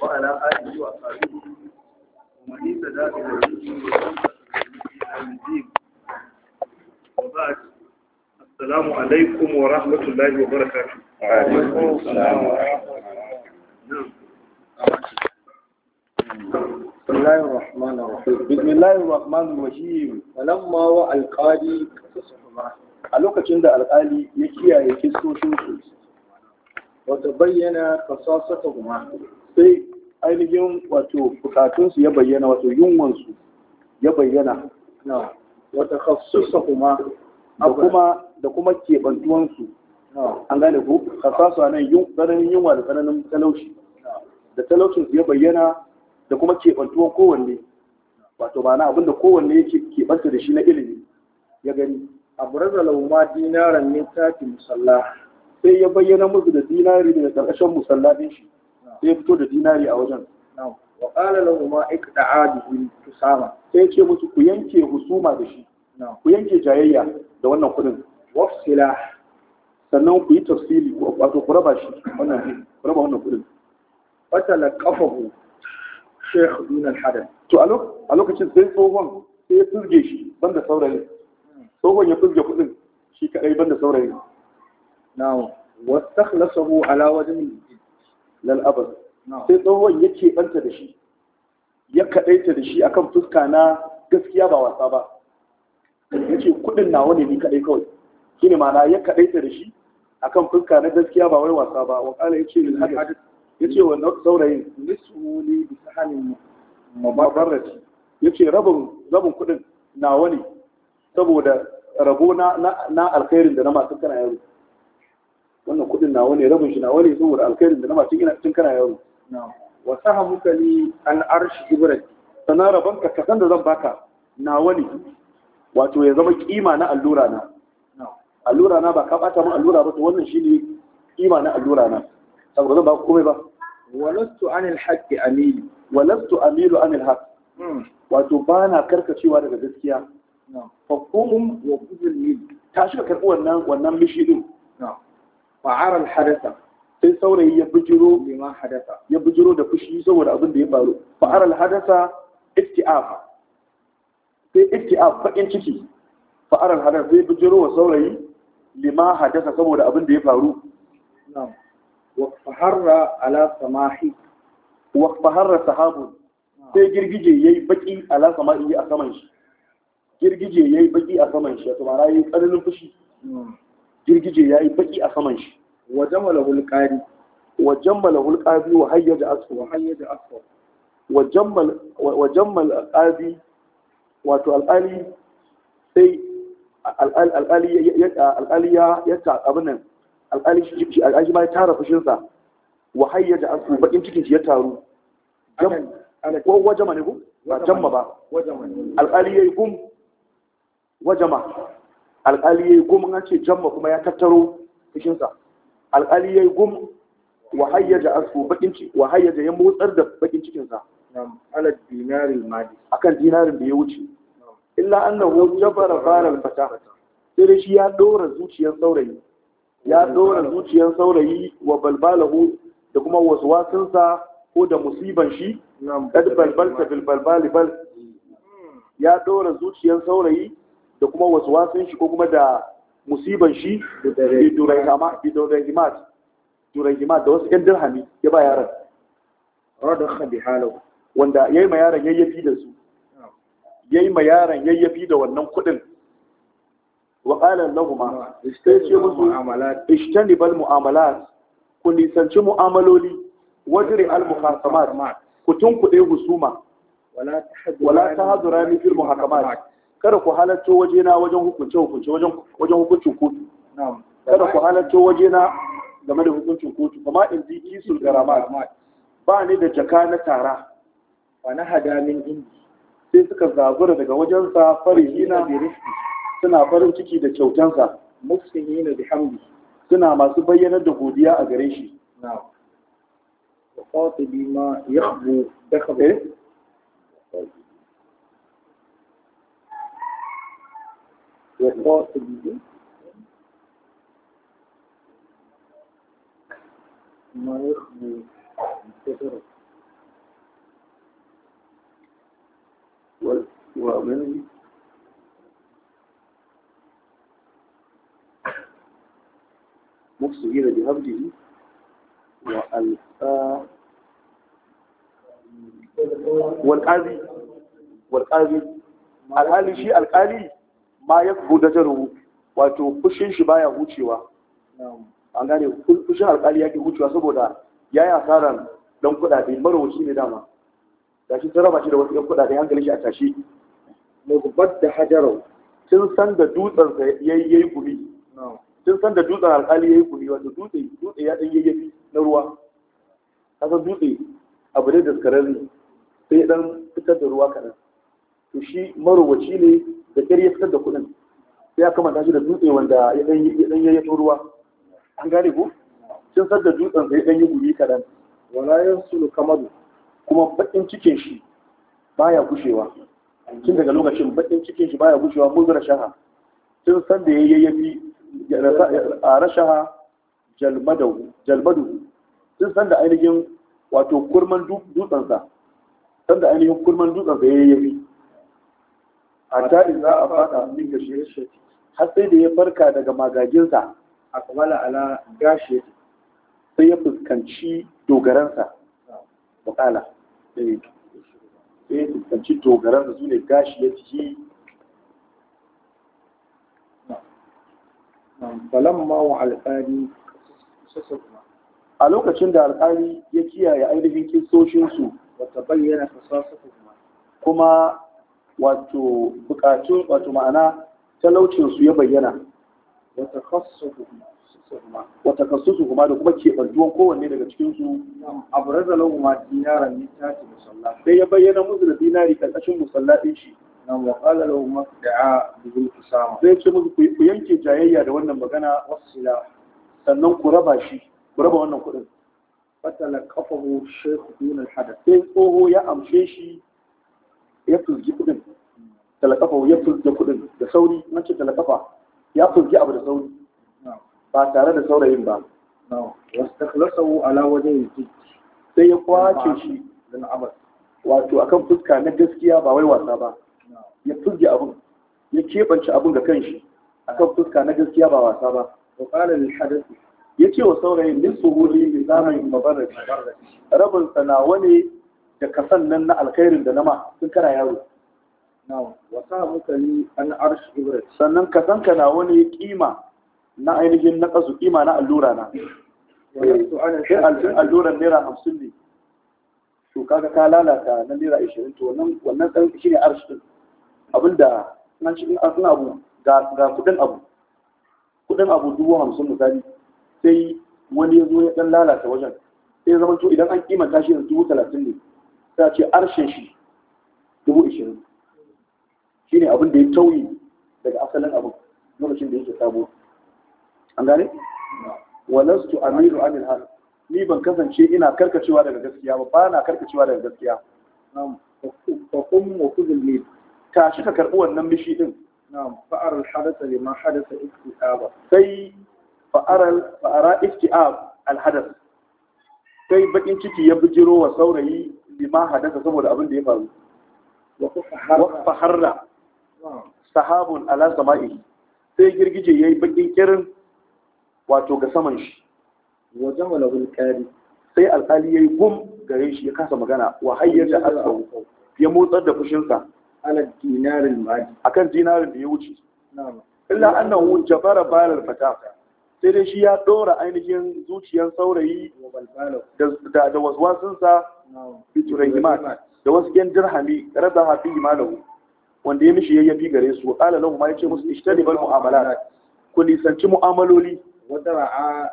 wa'ala aji wa ƙasa umarni da dafi da Assalamu alaikum wa rahmatullahi wa barakatu. بسم الله الرحمن الرحيم فلما هو القاضي كسفما على لوكاتين da alqali ya kiyaye kisoshin bayyana wa tabayyana qasasatuhuma sai ainihin wato bukatunsu ya bayyana wato yunwansu ya bayyana wata kasusa kuma kuma da kuma kebantuwansu an gane ku kasasu nan yun tsananin yunwa da tsananin talauci da talaucin su ya bayyana da kuma kebantuwan kowanne wato ma'ana abinda kowanne yake kebanta da shi na ilimi ya gani A lahu ma dinaran ne tati musalla sai ya bayyana musu da dinari daga ƙarƙashin musalla din shi sai fito da dinari a wajen wa ƙala lahu ma iqta'a bihi tusama sai ce musu ku yanke husuma da shi ku yanke jayayya da wannan kudin wafsila sannan ku yi tafsili wato ku raba shi wannan ku raba wannan kudin fatala qafahu sheikh dun al hadath to a lokacin sai tsohon sai ya turge shi banda saurayi hmm. tsohon ya turge kudin shi kadai banda saurayi na'am wastakhlasahu ala wajhi lal abad sai tsohon ya keɓanta da shi ya kaɗaita da shi akan fuska na gaskiya ba wasa ba ya ce kuɗin nawa ne ni kaɗai kawai ne mana ya kaɗaita da shi akan fuska na gaskiya ba wai wasa ba wa ƙala ya ce lil hadith ya ce wa saurayin nisu ne bi sahanin mabarrati ya ce rabin kuɗin nawa ne saboda rabo na alkhairin da na masu kana yaro wannan kudin nawa ne rabin shi nawa ne saboda alkhairin da na mace ina cin kana yaro wa sahabuka li al arsh ibrahim sana rabanka ka san da zan baka nawa ne wato ya zama kima na allura na allura na ba ka bata min allura ba to wannan shine kima na allura na saboda zan ba komai ba walastu anil haqqi amili walastu amilu anil haqq hmm. wato ba na karkacewa daga gaskiya fa qum wa qul tashi ka karbi wannan wannan mishi din fa'aral hadasa sai saurayi ya bujiro bima hadasa ya bujiro da fushi saboda abin da ya faru fa'aral hadasa iftiaf sai iftiaf bakin ciki fa'aral hadasa sai bujiro wa saurayi lima hadasa saboda abin da ya faru na'am wa faharra ala samahi wa faharra sahabu sai girgije yayi baki ala samahi a saman shi girgije yayi baki a saman shi to ma'ana yayi tsananin fushi girgije ya yi baki a saman shi wajen malahul ƙari wa jamala hulqari wa hayyaja asfa wato alqali sai ya alqali ya ya nan alqali shi ma ya tara fushin sa wa da bakin cikin shi ya taru ko wajama ne ba jamma ba alqali ya yi gum wajama alƙali ya yi gum an ce jamma kuma ya tattaro fushinsa alƙali ya yi gum wa hayyaja asu bakin ciki wa hayyaja ya motsar da bakin cikinsa ala dinarin akan dinarin da ya wuce illa annahu jabara baral fata sai dai shi ya dora zuciyar saurayi ya dora zuciyar saurayi wa balbalahu da kuma waswasinsa ko da musiban shi kad balbalta bil balbali bal hmm. ya dora zuciyar saurayi da kuma waswasin shi ko kuma da musiban shi bidurahimat durahimat da wasu 'yan dirhami ya ba yaran Wanda ya yi ma yaran yayyafi da su ya yi ma yaran yayyafi da wannan kudin wa qala lahumma istayyi musu ishtanibal mu'amalat ku nisanci mu'amaloli Wajiri al mukhasamat ku kuɗe husuma wala ta hadura tahdurani fil muhakamat kada ku halatto wajena wajen hukunce hukunce wajen wajen hukuncin kotu kada ku halatto wajena game da hukuncin kotu kuma in bi kisul garama ba ne da jaka na tara ba na hadamin min indi sai suka zagura daga wajen wajensa farihina da rizqi suna farin ciki da kyautansa mufsihina da hamdi suna masu bayyana da godiya a gare shi na'am wa qatibi ma yakhbu eh? dakhbu وقاتل ما يخلو الكفر ومن مفسدين بهبده والأ والقاذي والقاذي شيء القاضي ma ya kubu da jaruhu wato fushin shi baya hucewa an gane fushin alƙali yake hucewa saboda ya yi asaran don kuɗaɗe marowaci ne dama da shi sun raba shi da wasu 'yan kuɗaɗe hankali shi a tashi mugbat da hajarau sun san da dutsen ya yi gumi sun san da dutsen alƙali ya yi gumi wato dutse dutse ya ɗan yayyafi na ruwa kasan dutse abu ne daskararri sai ɗan fitar da ruwa kaɗan to shi marowaci ne da ƙyar ya fitar da kuɗin sai ya kamata shi da dutse wanda ya ɗan ya ruwa an gane ko sun san da dutsen sai ɗan yi guri kaɗan wala yan sulu kamadu kuma baƙin cikin shi baya gushewa tun daga lokacin baƙin cikin shi baya gushewa mun zura shaha sun san da ya yafi a rashaha jalmadu sun san da ainihin wato kurman dutsensa san da ainihin kurman dutsensa ya yayyafi a tari hatta idza afada min shi har sai da ya farka daga magaginsa kamala ala gashi sai ya fuskanci dogaransa wakala eh. sai ya fuskanci dogaransa su ne gashi ya ciki falon mawa alƙari a lokacin da alƙari ya kiyaye ainihin kisoshinsu wata bayyana fasasafin kuma wato bukatun wato ma'ana talaucinsu ya bayyana wata kasusu kuma da kuma keɓantuwan kowanne daga cikinsu a buraza lahuma dinaran littafi musalla sai ya bayyana musu da dinari karkashin musalla din shi nan wa qala lahum da'a bi sama sai ce musu ku yanke jayayya da wannan magana wasila sannan ku raba shi ku raba wannan kuɗin fatala kafahu shaykh dun al hadath sai tsoho ya amshe shi ya fuzgi kuɗin talakafa ya furta kuɗin da sauri na ce talakafa ya furki abu da sauri ba tare da saurayin ba wasu takhlasahu ala wajen yi sai ya kwace shi wato akan fuska na gaskiya ba wai wasa ba ya furge abin ya keɓance abun ga kanshi akan fuska na gaskiya ba wasa ba wa qala lil hadathi yace wa saurayin lil suhuri li zamanin mabarrati rabinsa na wani da kasan nan na alkhairin da nama sun kara yaro sannan ka san ka na wani kima na ainihin na kasu kima na allura na sai alluran naira hamsin ne to kaga ka lalata na naira ashirin to wannan ɗan shi ne arsh abinda nan shi ɗin abu ga kuɗin abu kuɗin abu dubu hamsin misali sai wani ya zo ya ɗan lalata wajen sai zama to idan an kimanta shi yanzu dubu talatin ne ta ce arshin shi dubu ashirin shine abin da ya tauyi daga asalin abu lokacin da yake sabo an gane walastu amiru anil haq ni ban kasance ina karkacewa daga gaskiya ba ba na karkacewa daga gaskiya na'am fa kum wa kuzul ni shi ka karbi wannan mishi din na'am fa'ar al hadatha lima hadatha istiaba sai fa'ar al fa'ara istiab al hadath sai bakin ciki ya bijiro wa saurayi lima hadatha saboda abin da ya faru wa harra. sahabun ala sama'i sai girgije yayi bakin kirin wato ga saman shi wajen walahul sai alƙali yayi gum gare shi ya kasa magana wa hayyata asau ya motsar da fushinsa ala dinarin akan dinarin da ya wuce illa annahu jabara balal fata sai dai shi ya ɗora ainihin zuciyar saurayi da waswasinsa da wasu yan dirhami rada hafi imalahu wanda ya mishi yayyafi gare su ala lahu ma yace musu ijtanibal mu'amalat ku nisanci mu'amaloli wadara'a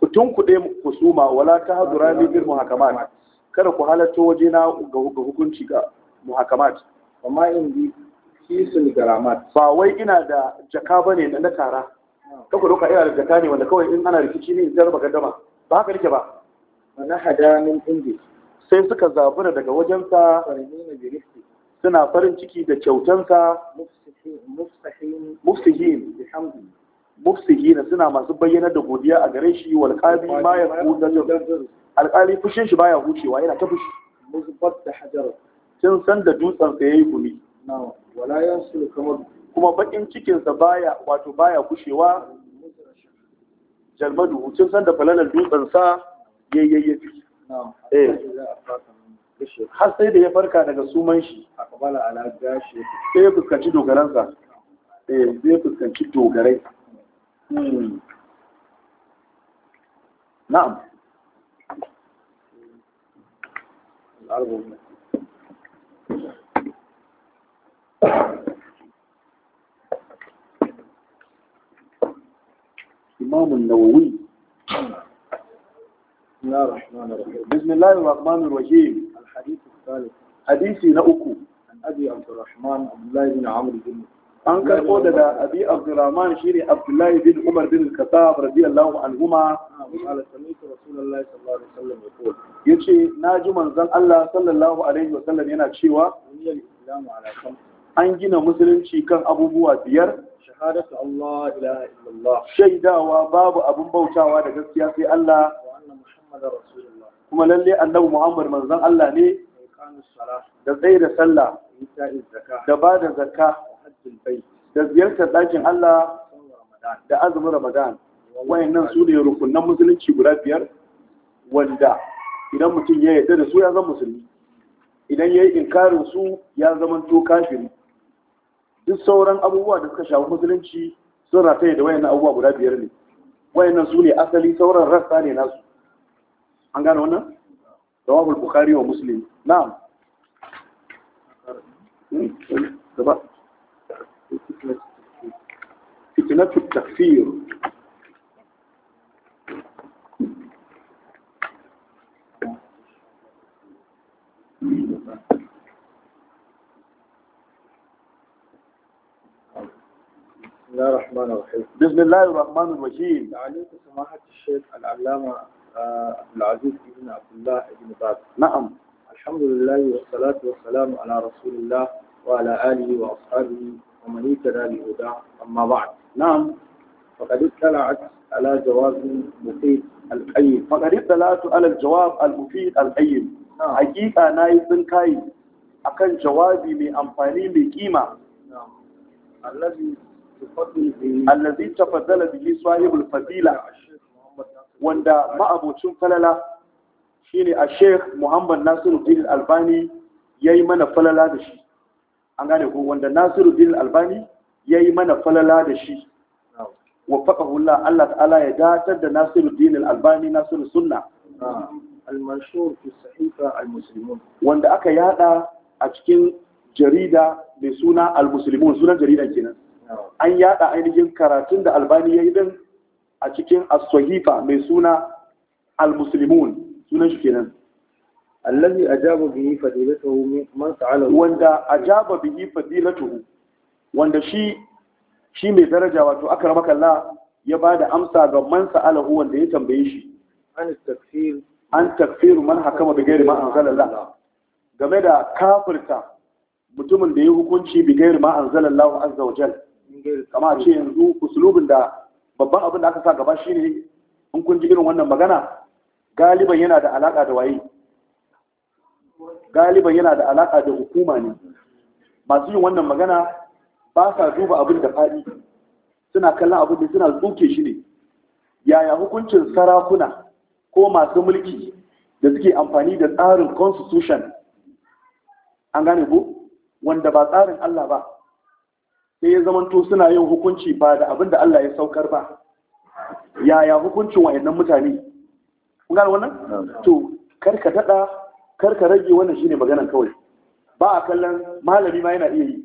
ku tunkuɗe suma wala ta hadura ni bil muhakamat kada ku halatto waje na ga hukunci ga muhakamat amma in bi kisul garamat ba wai ina da jaka bane da na tara kaka doka ina da jaka ne wanda kawai in ana rikici ne zai raba gaddama ba haka nake ba na hada min indi sai suka zabura daga wajensa suna farin ciki da kyautansa mufsihin gina suna masu bayyana da godiya a gare shi wal qadi ma yaqutu alqali fushin shi baya hucewa yana ta fushi muzbat da hajar sun san da dutsen sa yayi gumi wala kamar kuma bakin cikin sa baya wato baya kushewa jalmadu sun san da falalan dutsen sa yayyayi eh har sai da ya farka daga suman shi a kabala ala gashi sai ya fuskanci dogaransa eh zai fuskanci dogarai hmm. na'am imam an-nawawi الله الرحمن الرحيم بسم الله الرحمن الرحيم hadisi na uku an abi abdurrahman abdullahi bin amr bin daga abi shine abdullahi bin umar bin khattab radiyallahu anhuma qala sami'tu rasulullahi sallallahu alaihi manzon Allah sallallahu alaihi wasallam yana cewa an gina musulunci kan abubuwa biyar shahadatu shaidawa babu abin bautawa da gaskiya sai Allah wa kuma lalle annabi Muhammad manzon Allah ne da tsaye da sallah da ba da zakka da ziyartar ɗakin Allah da azumin Ramadan wayannan su ne rukunan musulunci guda biyar wanda idan mutum ya yarda da su ya zama musulmi idan ya yi inkarin su ya zama to kafiri duk sauran abubuwa da suka shafi musulunci sun rataye da wayannan abubuwa guda biyar ne wayannan su ne asali sauran rasta ne nasu هنقال هنا رواب البخاري ومسلم نعم فتنة التكفير بسم الله الرحمن الرحيم بسم الله الرحمن الرحيم عليك سماحة الشيخ العلامة Abdulaziz ibn Abdullah ibn Baz. Na'am. Alhamdulillah wa salatu wa salamu ala Rasulillah wa ala alihi wa ashabihi wa man ittaba bi huda فقد اطلعت على جواب مفيد القيم فقد اطلعت على الجواب المفيد القيم حقيقة نايف بن كاي أكن جوابي من أمفاني بقيمة الذي الذي تفضل به صاحب الفضيلة wanda ma'abocin falala shine a sheikh muhammad nasiruddin albani ya yi mana falala da shi an gane ko wanda nasiruddin albani ya yi mana falala da shi wa faƙahullah allah ta'ala ya datar da nasiruddin albani nasiru sunna al fi sahifa al wanda aka yada a cikin jarida mai suna al-muslimun sunan jaridan kenan an yada ainihin karatun da albani ya yi din a cikin as-sahifa mai suna al-muslimun sunan shi kenan allazi ajaba bihi fadilatuhu man sa'ala wanda ajaba bihi fadilatuhu wanda shi shi mai daraja wato akramaka Allah ya bada amsa ga man sa'alahu wanda ya tambaye shi an takfir an takfir man hakama bi ghairi ma anzala game da kafirta mutumin da ya hukunci bi ghairi ma anzala Allah azza wa jalla kamar ce yanzu usulubin da babban abin da aka sa gaba shi ne in kun ji irin wannan magana galiban yana da alaƙa da waye galiban yana da alaƙa da hukuma ne masu yin wannan magana ba sa duba abin da faɗi suna kallon abin da suna tsoke shi ne yaya hukuncin sarakuna ko masu mulki da suke amfani da tsarin constitution an gane ko wanda ba tsarin Allah ba sai ya zamanto suna yin hukunci ba da abin da Allah ya saukar ba yaya hukuncin wa'annan mutane kun gane wannan to kar ka dada kar ka rage wannan shine maganan kawai ba a kallon malami ma yana iya yi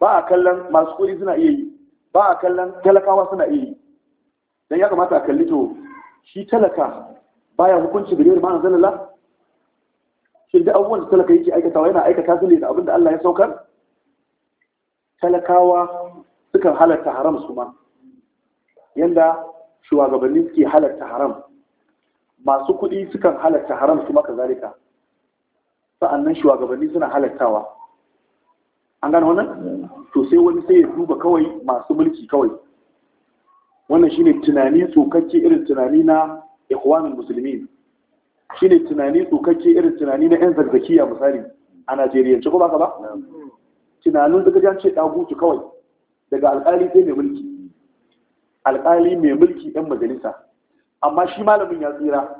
ba a kallon masu kuɗi suna iya yi ba a kallon talakawa suna iya yi dan ya kamata a kalli to shi talaka baya hukunci da yau ma'an zalala shi da abubuwan da talaka yake aikatawa yana aikata su ne da abin da Allah ya saukar talakawa sukan halatta haram su ma Yadda shugabanni suke halatta haram masu kuɗi sukan halatta haram su maka zalika sa'annan shugabanni suna halattawa an gano wannan to sai wani sai ya duba kawai masu mulki kawai wannan shine tunani tsokakke irin tunani na ikhwanul Musulmi, shine tunani tsokakke irin tunani na yan zakzakiya misali a Najeriya ce ko baka ba tunanin daga jan ce ɗagutu kawai daga alƙali sai mai mulki alƙali mai mulki ɗan majalisa amma shi malamin ya tsira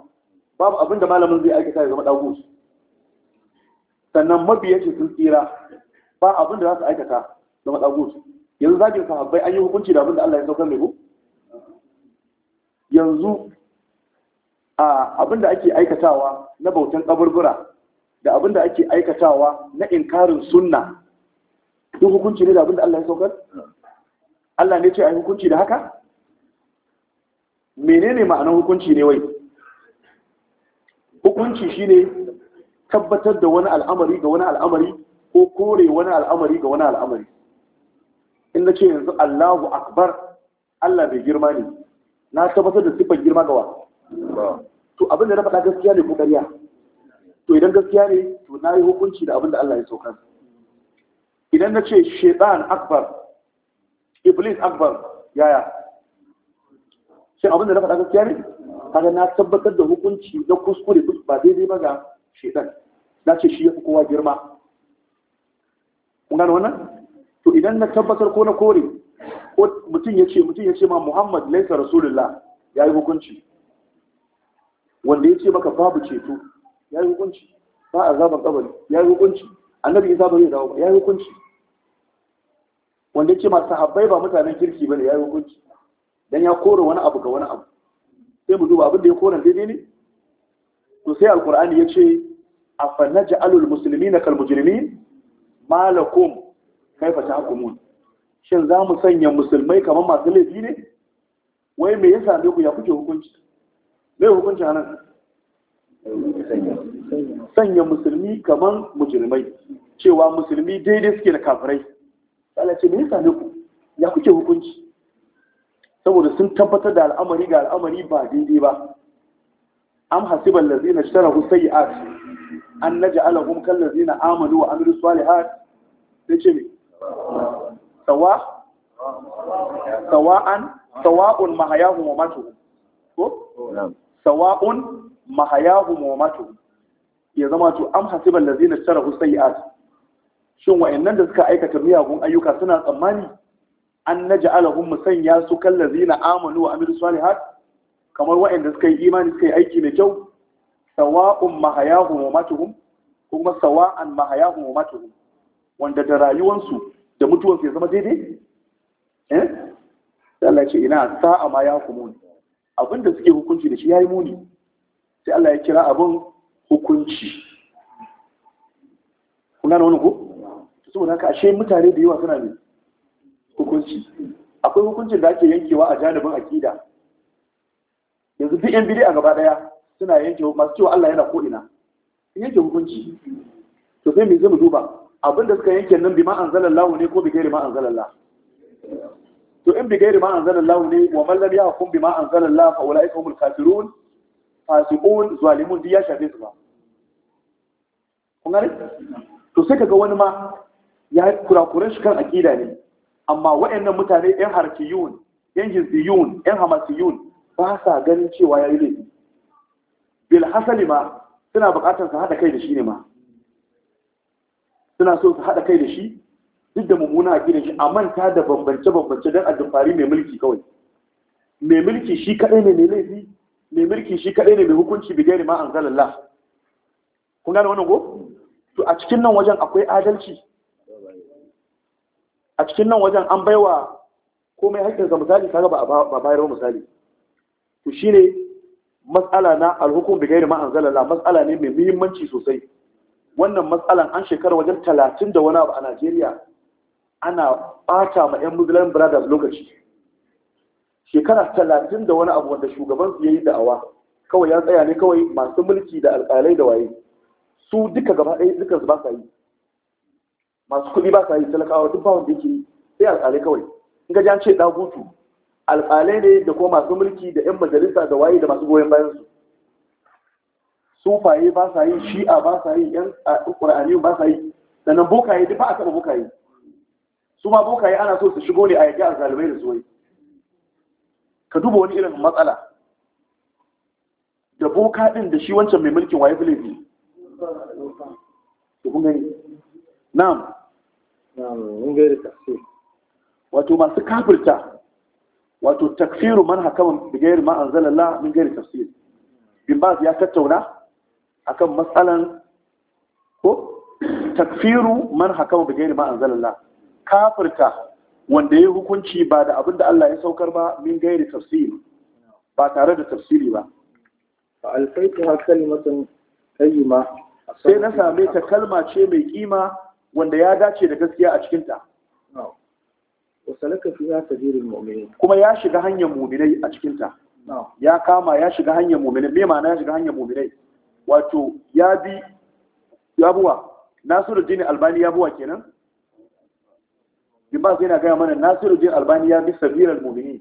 babu abinda malamin zai aikata ya zama ɗagutu sannan mabiyanci sun tsira ba abinda za su aikata zama ɗagutu yanzu zagin sahabbai an yi hukunci da abinda Allah ya saukar mai yanzu a abinda ake aikatawa na bautan kaburbura da abinda ake aikatawa na inkarin sunna duk hukunci ne da abin da Allah ya saukar Allah ne ce a hukunci da haka menene ma'anar hukunci ne wai hukunci shi ne tabbatar da wani al'amari ga wani al'amari ko kore wani al'amari ga wani al'amari inda ce yanzu Allahu akbar Allah bai girma ne na tabbatar da siffar girma gawa to abin da na faɗa gaskiya ne ko ƙarya to idan gaskiya ne to na yi hukunci da abin da Allah ya saukar idan na ce shaitan akbar iblis akbar yaya shi abinda na faɗa gaskiya ne kaga na tabbatar da hukunci na kuskure ba daidai ba ga shaitan na ce shi ya fi kowa girma kun gano wannan to idan na tabbatar ko na kore ko mutum ya ce mutum ya ce ma muhammad laisa rasulullah ya yi hukunci wanda ya ce maka babu ceto ya yi hukunci ba a zaben kabari ya yi hukunci annabi isa ba zai dawo ba ya yi hukunci wanda ce masu sahabbai ba mutanen kirki ba ne ya yi hukunci Dan ya kore wani abu ga wani abu sai mu duba abin da ya kora daidai ne to sai alqur'ani ya ce a fanna ja'alul na malakum kaifa fata shin za mu sanya musulmai kamar masu laifi ne wai me yasa ne ku ya kuke hukunci me hukunci anan sanya musulmi kamar mujirmai cewa musulmi daidai suke da kafirai ala ce me yasa ku ya kuke hukunci saboda sun tabbatar da al'amari ga al'amari ba daidai ba am hasiban lazina shtarahu sayi'at an naj'alahum kal lazina amanu wa amiru salihat yace me sawa sawa'an sawa'un mahayahum wa matu ko sawa'un mahayahu mamatu ya zama to am hasiban lazina sarahu sayi'at shin wa'annan da suka aikata miyagun ayyuka suna tsammani an naj'alahum musanya su kal lazina amanu wa amilu salihat kamar wa'anda suka yi imani suka yi aiki mai kyau sawa'un mahayahu mamatuhum kuma sawa'an mahayahu hun? wanda da rayuwansu da mutuwansu ya zama daidai eh Allah ce ina sa'a ma ya hukumun abinda suke hukunci da shi yayi muni sai Allah ya kira abin hukunci kuna da wani Su saboda haka ashe mutane da yawa suna ne hukunci akwai hukuncin da ake yankewa a janibin akida yanzu duk yan a gaba daya suna yanke masu cewa Allah yana ko'ina. In yanke hukunci to sai mu zai mu duba abin da suka yanke nan bi ma lawu ne ko bi gairi ma la? to in bi gairi ma lawu ne wa man ya yahkum bi ma anzalallah fa ulaika humul kafirun fasiqun zalimun duk ya shafe su ba kun to sai kaga wani ma ya kurakuran shi kan akida ne amma waɗannan mutane yan harkiyun yan hizbiyun yan hamasiyun ba sa ganin cewa ya yi laifi bil hasali ma suna buƙatar su haɗa kai da shi ne ma suna so su haɗa kai da shi duk da mummuna a gidan shi a manta da bambance-bambance don a mai mulki kawai mai mulki shi kaɗai ne mai laifi mai mulki shi kadai ne mai hukunci bi gairi ma anzalallah kun gane wannan go? to a cikin nan wajen akwai adalci a cikin nan wajen an baiwa komai haƙƙinsa misali kaga ba bayar ba misali to shine matsala na alhukum bi gairi ma anzalallah matsala ne mai muhimmanci sosai wannan matsalan an shekara wajen talatin da wani abu a Najeriya ana ɓata ma 'yan Muslim brothers lokaci shekara talatin da wani abu wanda shugaban su ya yi da'awa kawai ya tsaya ne kawai masu mulki da alƙalai da waye su duka gaba ɗaya duka ba sa yi masu kuɗi ba sa yi talakawa duk ba wanda yake sai alƙalai kawai in ga jan ce dagutu alƙalai ne da kuma masu mulki da 'yan majalisa da waye da masu goyon bayan su sufaye ba sa yi shi'a ba sa yi yan ƙur'ani ba sa yi sannan bokaye duk ba a taɓa bokaye su ma bokaye ana so su shigo ne a yaƙi a da da suwai ka duba wani irin matsala da boka ɗin da shi wancan mai mulkin waye bile ne da kun gani na'am wato masu kafirta wato takfiru man hakaman bi gairi ma anzalallah min gairi tafsir bin baz ya tattauna akan matsalan ko takfiru man hakaman bi gairi ma anzalallah kafirta wanda ya hukunci ba da abin da Allah ya saukar ba min gairi tafsiri ba tare da tafsiri ba fa alfaita kalimatan ma. sai na same ta kalma ce mai kima wanda ya dace da gaskiya a cikin ta wa salaka fiha sabilul mu'minin kuma ya shiga hanyar mu'minai a cikin ta ya kama ya shiga hanyar mu'minai me ma'ana ya shiga hanyar mu'minai wato ya bi ya buwa nasiruddin albani ya buwa kenan Dimas yana gaya mana Nasiru jin Albani ya bi sabirar mumini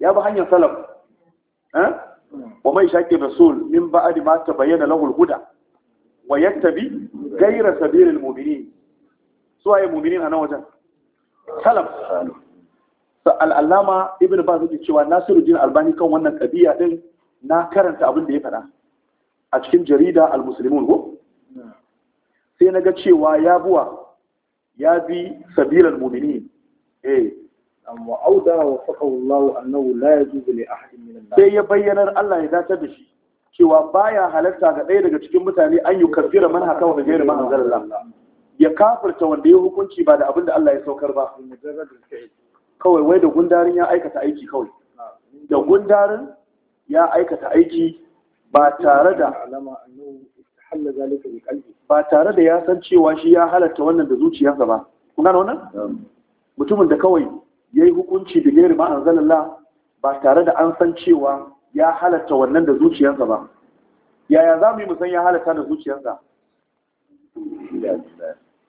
ya bi hanyar salaf eh? wa mai shaƙi rasul min ba'adi ma ta bayyana lahul huda wa bi gaira sabirar mumini su waye mumini a nan wajen salaf al'allama ibn ba zai cewa Nasiru jin Albani kan wannan kabiya din na karanta abin da ya faɗa a cikin jarida al-muslimun ko hmm. sai na ga cewa ya buwa ya bi sabilan mu'minin eh amma auda wa faqahu Allah annahu la yajuzu li ahadin min an-nas sai ya bayyana Allah ya dace da shi cewa baya halarta ga ɗaya daga cikin mutane an yi kafira man haka wa gairu man anzalallah ya kafirta wanda ya hukunci ba da abin da Allah ya saukar ba kawai wai da gundarin ya aikata aiki kawai da gundarin ya aikata aiki ba tare da halla zalika bi qalbi ba tare da ya san cewa shi ya halatta wannan da zuciyarsa ba kun gane wannan mutumin da kawai yayi hukunci da gairi ma anzalallah ba tare da an san cewa ya halatta wannan da zuciyarsa ba yaya za mu yi san ya halatta da zuciyarsa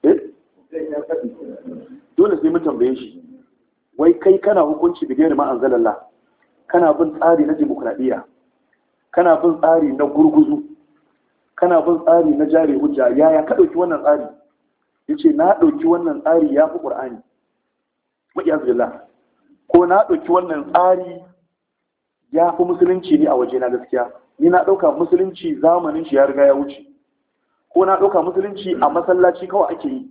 eh? dole sai mu tambaye shi wai kai kana hukunci da gairi ma anzalallah kana bin tsari na demokradiyya kana bin tsari na gurguzu kana bin tsari na jari hujja yaya ka ɗauki wannan tsari ya ce na ɗauki wannan tsari ya fi ƙur'ani ma'iyazillah ko na ɗauki wannan tsari ya fi musulunci ne a waje na gaskiya ni na ɗauka musulunci zamanin shi ya riga ya wuce ko na ɗauka musulunci a masallaci kawai ake yi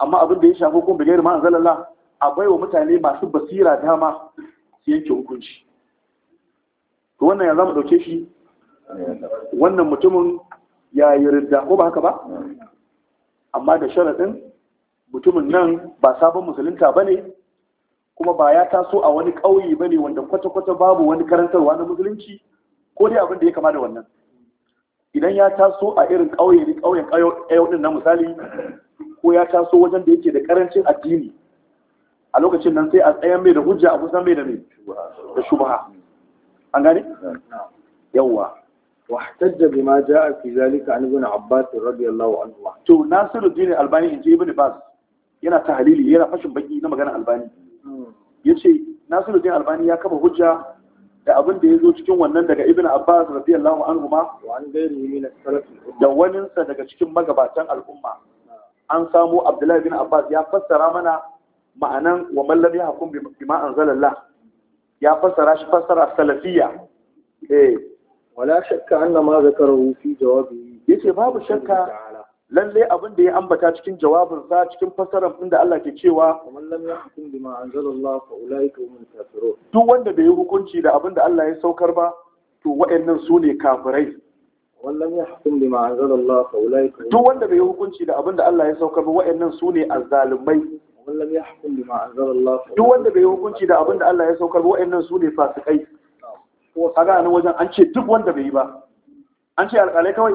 amma abin da ya shafi kun bigayar ma'an zalala a baiwa mutane masu basira dama su yanke hukunci to wannan ya zama ɗauke shi wannan mutumin ya yi ridda ko ba haka ba amma da sharaɗin mutumin nan ba sabon musulunta ba ne kuma ba ya taso a wani ƙauye ba ne wanda kwata-kwata babu wani karantarwa na musulunci ko dai abin da ya kama da wannan idan ya taso a irin ƙauye ne ƙauyen ƙayo na misali ko ya taso wajen da yake da ƙarancin addini a lokacin nan sai a tsayan mai da hujja a kusan mai da mai da shubaha an gane yawwa واحتج بما جاء في ذلك عن ابن عباس رضي الله عنه تو ناصر الدين الألباني إن ابن باز yana tahlili yana fashin baki na magana albani hmm. yace nasiruddin albani ya kafa hujja da abin da ya zo cikin wannan daga ibn abbas radiyallahu anhu ma wa an gairi min salaf da wanin sa daga cikin magabatan al'umma an samu abdullahi bin abbas ya fassara mana ma'anan wa man lam yahkum bima anzalallah ya fassara shi fassara salafiyya eh wala shakka anna ma zakarahu fi jawabihi yace babu shakka lalle abin da ya ambata cikin jawabin sa cikin fasarar inda Allah ke cewa man lam yahkum bima anzalallahu fa ulaika humul kafirun duk wanda bai yi hukunci da abin da Allah ya saukar ba to waɗannan su ne kafirai man lam yahkum bima anzalallahu fa ulaika duk wanda bai yi hukunci da abin da Allah ya saukar ba waɗannan su ne azzalumai man lam yahkum bima anzalallahu duk wanda bai yi hukunci da abin da Allah ya saukar ba waɗannan su ne fasikai kaga nan wajen an ce duk wanda bai yi ba an ce alƙalai kawai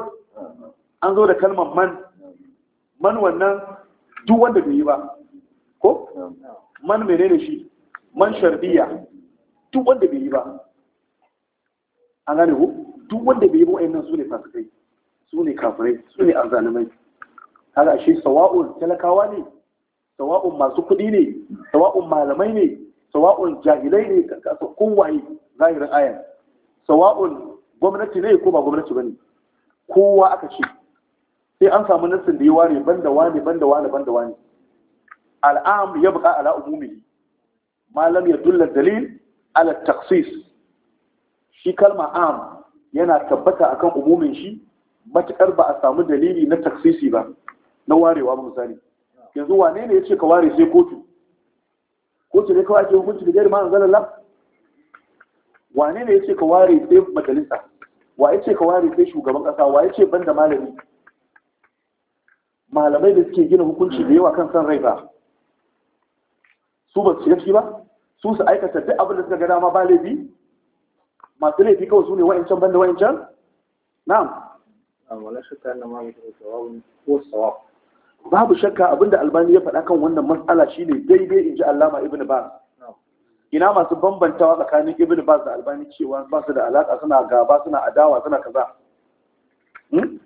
an zo da kalmar man man wannan duk wanda bai yi ba ko man menene shi man sharbiya duk wanda bai yi ba an gane ku duk wanda bai yi ba nan su ne fasikai su ne kafirai su ne azzalumai kaga shi sawa'un talakawa ne sawa'un masu kuɗi ne sawa'un malamai ne sawa'un jahilai ne kowaye zahirin ayan sawa'un gwamnati ne ko ba gwamnati ba ne kowa aka ce sai an samu nassin da ya ware banda wane banda wane banda wane al'am ya buƙa ala umumi malam ya dulla dalil ala taksis shi kalma am yana tabbata akan umumin shi matuƙar ba a samu dalili na taksisi ba na warewa ba misali yanzu wane ne ya ce ka ware sai kotu kotu ne kawai ake hukunci da gari ma'an zalala wane ne ce ka ware sai majalisa wa ce ka ware sai shugaban kasa wa yace banda malami malamai da suke gina hukunci da yawa kan san rai ba su ba su shiga ba su su aikata duk abin da suka ga ma ba laifi masu laifi kawai su ne wa'ancan banda wa'ancan na'am babu shakka abinda albani ya faɗa kan wannan matsala shine daidai in ji allama ibn ba ina masu bambantawa tsakanin ibn bas da albani cewa ba su da alaka suna gaba suna adawa suna kaza hmm?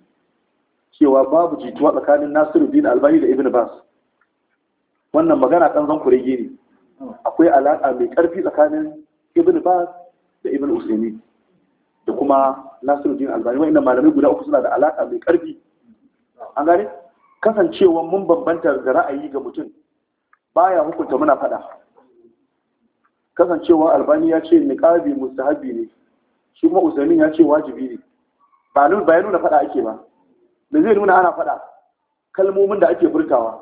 cewa babu jituwa tsakanin nasiruddin albani da ibn bas wannan magana kan zan kurege ne akwai alaka mai karfi tsakanin ibn bas da ibn usaini da kuma nasiruddin albani wa'annan malamai guda uku suna da alaka mai karfi an gane kasancewa mun bambanta da ra'ayi ga mutum baya hukunta muna fada kasancewa albani ya ce niqabi mustahabi ne shi kuma usaimin ya ce wajibi ne ba nuna ba nuna fada ake ba da zai nuna ana fada kalmomin da ake furtawa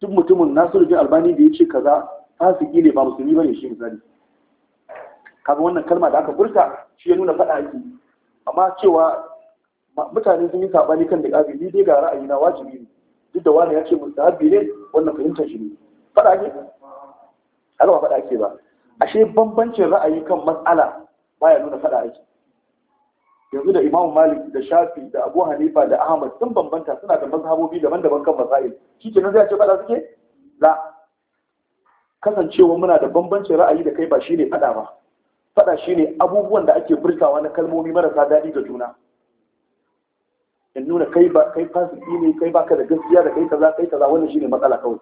duk mutumin nasiruddin albani da ya ce kaza fasiki ne ba musulmi bane shi misali kaga wannan kalma da aka furta shi ya nuna fada ake amma cewa mutane sun yi sabani kan da kabi ni dai ga ra'ayi na wajibi ne duk da wani ya ce mustahabi ne wannan fahimtar shi ne fada ake haka ba faɗa ake ba ashe bambancin ra'ayi kan matsala baya nuna faɗa ake yanzu da imamu malik da shafi da abu hanifa da ahmad sun bambanta suna da mazhabobi daban-daban kan masail shi ke nan zai ce faɗa suke la kasancewa muna da bambancin ra'ayi da kai ba shine faɗa ba faɗa shine abubuwan da ake furtawa na kalmomi marasa daɗi ga juna in nuna kai ba kai fasiki ne kai baka da gaskiya da kai kaza kai kaza wannan shine matsala kawai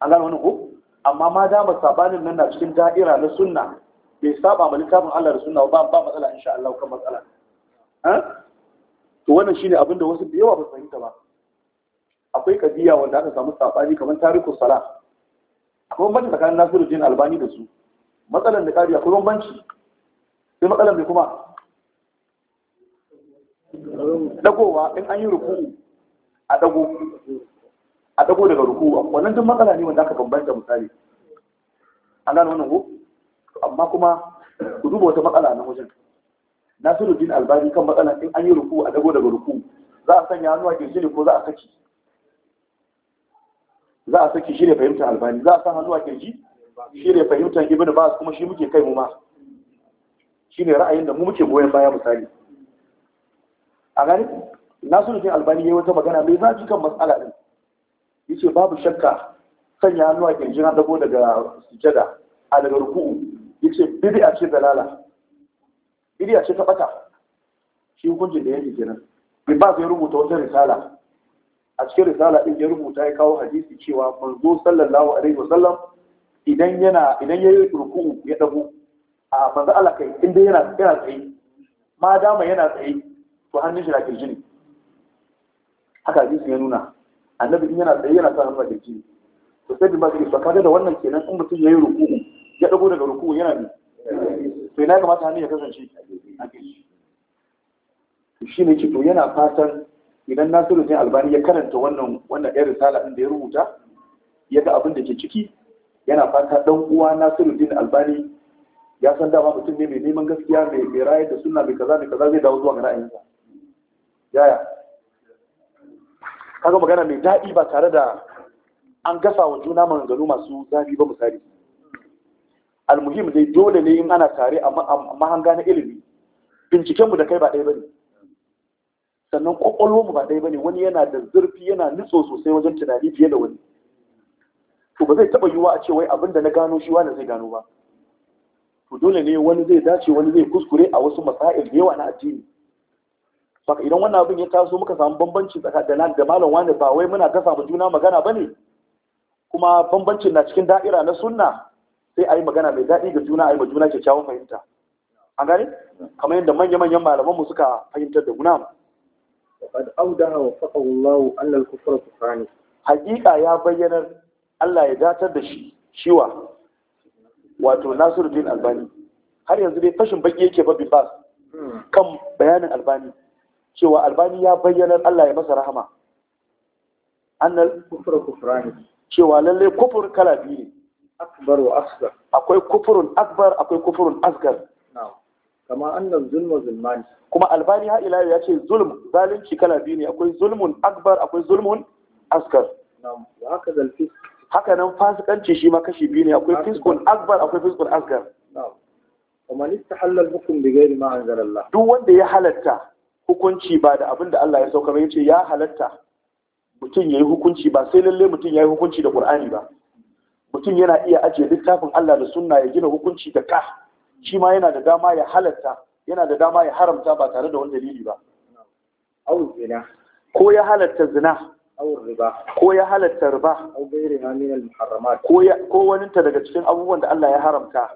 an gano wannan ko amma ma dama sabanin nan na cikin da'ira na sunna bai saba ma littafin Allah da sunna ba ba matsala insha Allah kan matsala to wannan shine abin da wasu da yawa ba su fahimta ba akwai kadiya wanda aka samu sabani kamar tariku sala akwai bambanci tsakanin Nasiruddin Albani da su matsalan da kadiya akwai bambanci sai matsalan mai kuma dagowa in an yi ruku a dago a dago daga rukuwa wannan duk matsala ne wanda aka bambanta misali an gano wannan ko amma kuma ku duba wata matsala na wajen nasiruddin albani kan matsala in an yi ruku a dago daga ruku za a sanya hannuwa ke shi ne ko za a saki za a saki shi ne fahimtar albani za a san hannuwa ke ji, shi ne fahimtar ibn bas kuma shi muke kai mu ma shi ne ra'ayin da mu muke goyon baya misali a gani nasiruddin albani ya yi wata magana mai zafi kan matsala din yace babu shakka sanya hannu a kirji na dago daga sujada a daga ruku'u yace bid'a ce dalala bid'a ce ta bata shi hukuncin da yake kenan bi ba zai rubuta wata risala a cikin risala din ya rubuta ya kawo hadisi cewa manzo sallallahu alaihi wasallam idan yana idan yayi ruku'u ya dago a manzo Allah kai inda yana yana tsaye ma dama yana tsaye to hannun shi na kirji ne haka hadisi ya nuna annabi yana tsaye yana sa hannu a jiki to sai bin ba su kaga da wannan kenan in mutum ya yi ruku'u ya dago daga ruku'u yana bi to ina kamata hannu ya kasance a kirji shi ne ki to yana fatan idan nasiru ne albani ya karanta wannan wannan ɗan risala din da ya rubuta ya ga abin da ke ciki yana fata ɗan uwa nasiru din albani ya san dama mutum ne mai neman gaskiya mai rayar da suna mai kaza mai kaza zai dawo zuwa ga ra'ayinsa yaya kaga magana mai daɗi ba tare da an gasa wa juna maganganu masu zafi ba misali almuhim dai dole ne yin ana tare a mahanga na ilimi bincikenmu da kai ba ɗaya ba ne sannan ƙwaƙwalwarmu ba ɗaya ba ne wani yana da zurfi yana nutso sosai wajen tunani fiye da wani to ba zai taɓa yiwuwa a ce wai abin da na gano shi wani zai gano ba to dole ne wani zai dace wani zai kuskure a wasu masa'il da yawa na addini saka idan wannan abin ya taso muka samu bambanci tsakanin da malam wani ba wai muna gasa mu juna magana bane kuma bambancin na cikin da'ira na sunna sai a yi magana mai daɗi ga juna a yi ma juna kyakkyawan fahimta an gane kamar yadda manya-manyan malamanmu suka fahimtar da guna وقد أودع وفقه Allah. أن الكفر كفران حقيقة يا بينا da shi shiwa wato Nasiruddin Albani har yanzu dai fashin baki yake ba bas hmm. kan bayanin Albani cewa albani ya bayyana Allah ya masa rahama annal kufru kufrani cewa lalle kufur kala biyu ne akbar wa asghar akwai kufurun akbar akwai kufurun asghar na'am kama annal zulmu zulmani kuma albani ha ila ya ce zulm zalunci kala biyu ne akwai zulmun akbar akwai zulmun asghar na'am wa haka zalfis haka nan fasikanci shi ma kashi biyu ne akwai fiskun akbar akwai fiskun asghar na'am ومن استحل الحكم بغير ما انزل الله duk wanda ya halatta hukunci ba da abin da Allah ya sauka ba ce ya halatta mutum yayi hukunci ba sai lalle mutum ya yayi hukunci da Qur'ani ba mutum yana iya ajiye littafin Allah da sunna ya gina hukunci da ka shi ma yana da dama ya halatta yana da dama ya haramta ba tare da wani dalili ba ko ya halatta zina ko ya halatta riba ko wani ta daga cikin abubuwan da Allah ya haramta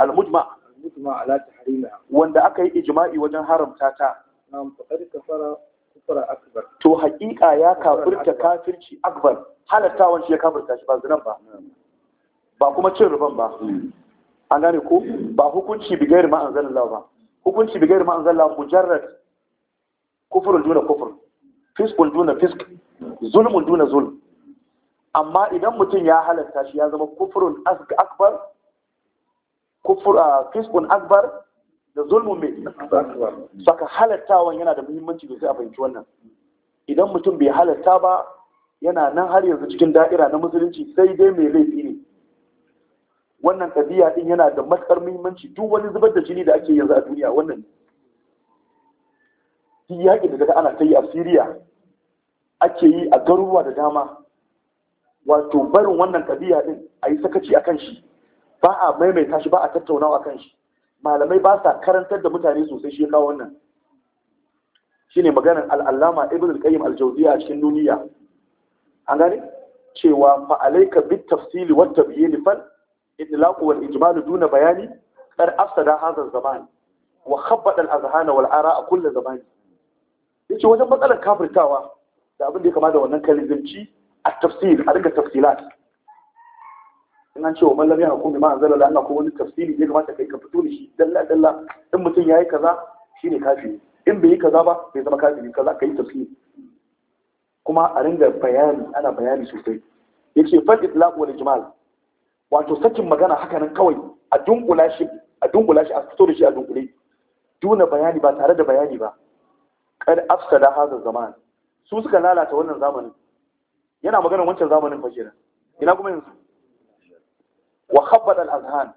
al-mujma mutuma ala tahrimiha wanda aka yi ijma'i wajen haramta ta nam faqad kafara kufra akbar to haƙiƙa ya kafirta kafirci akbar halattawan shi ya kafirta shi ba zinan ba ba kuma cin ruban ba hmm. an gane ko ba hukunci bi gairi ma anzalallahu ba hukunci bi gairi ma anzalallahu mujarrad kufurun duna kufur, fiskun duna fisk zulmun duna zulm amma idan mutum ya halatta shi ya zama kufurun akbar Kofur a ah, akbar da zulmun mai saka halattawan yana da muhimmanci da sai a fahimci wannan idan mutum bai halatta ba yana nan har yanzu cikin da'ira na musulunci sai dai mai laifi ne wannan ɗabi'a din yana da matsar muhimmanci duk wani zubar da jini da ake yanzu a duniya wannan yaƙi da ana ta yi a siriya ake yi a garuruwa da dama wato barin wannan ɗabi'a din a yi sakaci a kan shi ba a maimaita shi ba a tattaunawa kan shi malamai ba sa karantar da mutane sosai shi kawo wannan shine maganar al'allama ibn al-qayyim al-jawziya a cikin duniya an gane cewa fa alayka bit tafsili wat tabyin fal idlaq wal ijmal duna bayani qad afsada hadha zaman wa khabbada al-azhana wal ara'a kull zaman yace wajen matsalar kafirtawa da abin da ya kama da wannan kalizimci a tafsir a riga tafsilat in an ce mallam ya hukumi ma anzala Allah ko wani tafsiri ya kamata kai ka fito da shi dalla dalla in mutum yayi kaza shine kafiri in bai yi kaza ba bai zama kafiri kaza kai tafsiri kuma a ringa bayani ana bayani sosai yace fal itlaq wal ijmal wato sakin magana haka nan kawai a dunkula shi a dunkula shi a fito da shi a dunkule duna bayani ba tare da bayani ba kad afsada hadha zaman su suka lalata wannan zamanin yana magana wancan zamanin fa kenan ina kuma yanzu wa khabbada al-azhan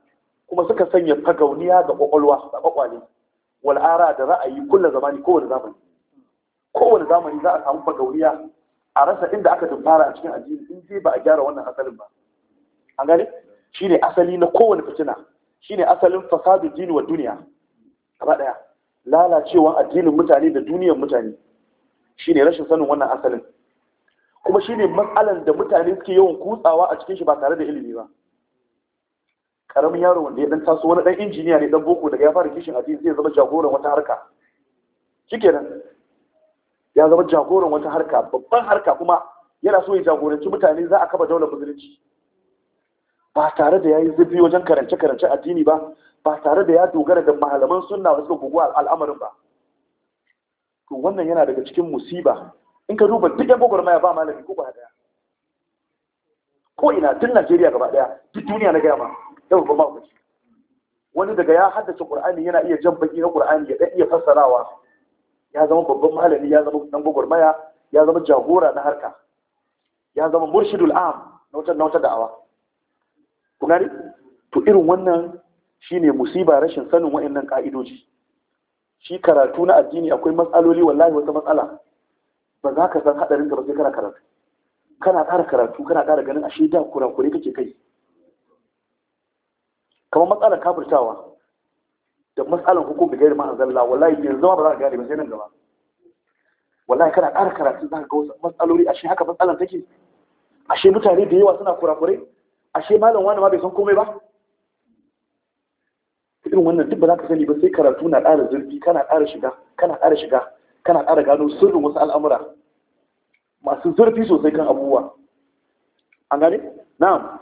kuma suka sanya fagauniya ga kwakwalwa da kwakwale wal ara da ra'ayi kullu zamani ko wani zamani ko wani zamani za a samu fagauniya a rasa inda aka dumfara a cikin addini in je ba a gyara wannan asalin ba an gane shine asali na kowane fitina shine asalin fasadu dini wa duniya gaba daya lalacewan addinin mutane da duniyar mutane shine rashin sanin wannan asalin kuma shine matsalan da mutane suke yawan kutsawa a cikin shi ba tare da ilimi ba karamin yaro wanda ya dan taso wani dan injiniya ne dan boko daga ya fara kishin addini zai zama jagoran wata harka shikenan ya zama jagoran wata harka babban harka kuma yana so ya jagoranci mutane za a kafa daular musulunci ba tare da ya yi zubi wajen karance-karance addini ba ba tare da ya dogara da malaman sunna ba suka gugu al'amarin ba to wannan yana daga cikin musiba in ka duba duk yan gwagwarmaya ba malami ko ba daya ko ina tun najeriya gaba daya duk duniya na gaya ma yau ba mu wani daga ya haddace qur'ani yana iya jan baki na qur'ani ya iya fassarawa ya zama babban malami ya zama dan gwagwarmaya ya zama jagora na harka ya zama murshidul am na wata na wata da'awa ku gani to irin wannan shine musiba rashin sanin wa'annan ka'idoji shi karatu na addini akwai matsaloli wallahi wata matsala ba za ka san hadarin ka ba sai kana karatu kana ƙara karatu kana ƙara ganin ashe da kurakure kake kai kamar matsalar kafirtawa da matsalar hukum da gairi ma'azalla wallahi yanzu zama ba za a gane ba sai nan gaba wallahi kana ƙara karatu za ka ga wasu matsaloli ashe haka matsalar take ashe mutane da yawa suna kurakurai ashe malam wani ma bai san komai ba irin wannan duk ba za ka sani ba sai karatu na ƙara zurfi kana ƙara shiga kana ƙara shiga kana ƙara gano sirrin wasu al'amura masu zurfi sosai kan abubuwa an gane na'am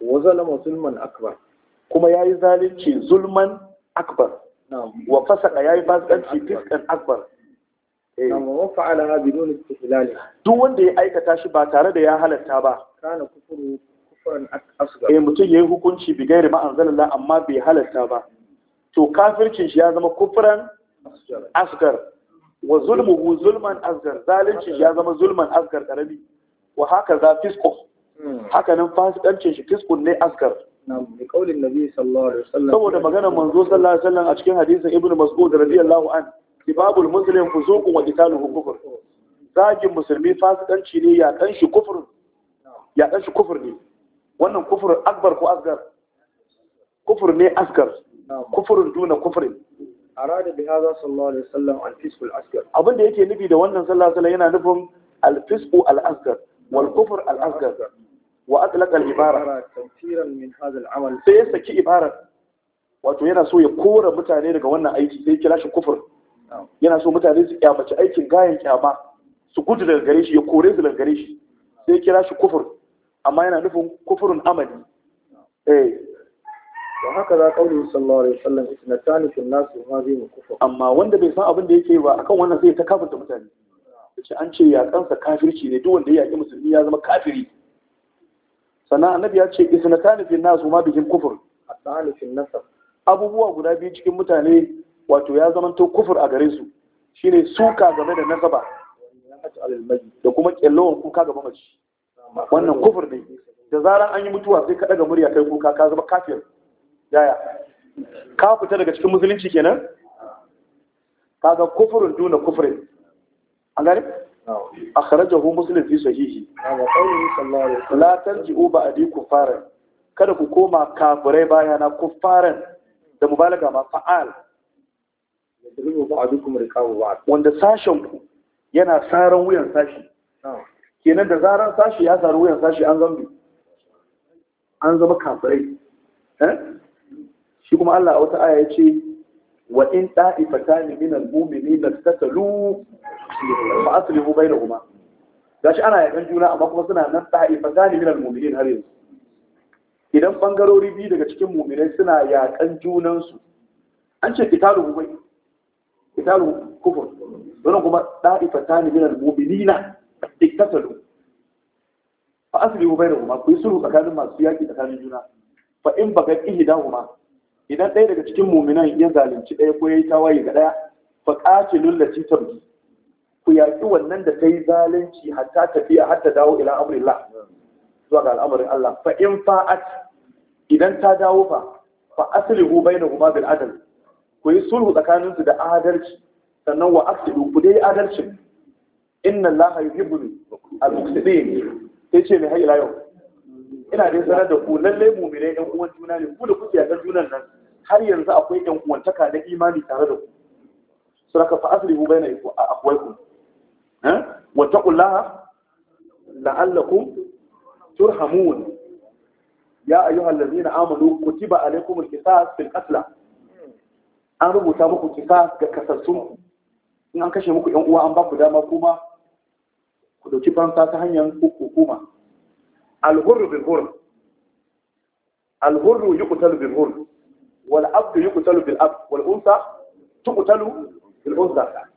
wa zalama zulman akbar kuma yayi zalunci zulman akbar wa fasaka yayi fasikanci fiskan akbar eh. wa fa'ala bidun istihlal duk wanda ya aikata shi ba tare da ya halatta ba kana kufuru kufran asghar eh mutum yayi hukunci bi gairi ma anzalallah amma bai halatta ba to kafircin shi ya zama kufuran asgar. wa zulmuhu zulman asgar. asghar shi ya zama zulman asgar karami wa haka za fisqo haka nan fasikancin shi fiskun ne askar saboda maganar manzo sallallahu alaihi wasallam a cikin hadisin ibnu mas'ud radiyallahu an kibabul muslim fusuqun wa qitaluhu kufr Zakin musulmi fasikanci ne ya kan shi kufur ya kan shi kufur ne wannan kufur akbar ko asgar kufur ne asgar kufurun duna kufrin arada bi hadha sallallahu alaihi wasallam al-fisq al asgar abin da yake nufi da wannan sallallahu alaihi wasallam yana nufin al-fisq al asgar wal kufr al asgar wa atlaqa al-ibara tafsiran min hadha al-amal sai ya saki ibara wato yana so ya kora mutane daga wannan aiki sai kira shi kufur yana so mutane su kyamaci aikin gayan kyama su gudu daga gare shi ya kore su daga gare shi sai kira shi kufur amma yana nufin kufurun amali eh wa haka za kauli sallallahu alaihi wasallam tani fil nas ma zai kufur amma wanda bai san abin da yake ba akan wannan sai ta kafirta mutane sai an ce kansa kafirci ne duk wanda ya musulmi ya zama kafiri sannan annabi ya ce tani fi nasu ma bikin kufur at fi nasab abubuwa guda biyu cikin mutane wato ya zama to kufur a gare su shine suka game da nasaba da kuma kyallon kuka gaba mace. wannan kufur ne da zarar an yi mutuwa sai ka daga murya kai kuka ka zama kafir yaya ka fita daga cikin musulunci kenan kaga kufurin duna kufurin an akhrajahu muslim fi sahihi la tarji'u ba'di kufaran kada ku koma kafirai baya na kufaran da mubalaga ma fa'al wanda sashen ku yana saran wuyan sashi kenan da zaran sashi ya saru wuyan sashi an zambi an zama kafirai eh? shi kuma Allah a wata aya ya ce wa in ɗa'ifata ne min al-mumini na tattalu fa aslihu bainahuma gashi ana yakan juna amma kuma suna nan ta'ifatan min al-mu'minin har yanzu idan bangarori biyu daga cikin mu'minai suna yakan junansu an ce kitalu wai kitalu kufur don kuma ta'ifatan min al-mu'minina iktatalu fa da kuma, kuyi sulhu tsakanin masu yaki tsakanin juna fa in baka ihdahuma idan ɗaya daga cikin mu'minan ya zalunci ɗaya ko yayi tawaye ga ɗaya fa qatilul lati tabghi ku yaƙi wannan da ta yi zalunci hatta tafiya hatta dawo ila Amurin Allah, zuwa ga al'amarin Allah fa in fa'at idan ta dawo fa fa na bainahuma bil adal, ku yi sulhu tsakanin su da adalci sannan wa aqsidu ku dai adalcin inna Allah yuhibbu al ne, sai ce mai har ila yau ina dai sanar da ku lalle mu'minai ɗan uwan juna ne ku da kuke yaƙar junan nan har yanzu akwai ɗan uwantaka na imani tare da ku suraka fa a akwai ku. Eh? wattaqullaha la'allakum turhamun ya ayyuhal ladzina amanu kutiba alaykumul qisas fil qatl an rubuta muku qisas ga kasassun in an kashe muku yan uwa an ba ku dama kuma ku dauki fansa ta hanyar hukuma al-hurr bil hurr al-hurr yuqtalu bil hurr wal abd yuqtalu bil abd wal unsa tuqtalu bil unsa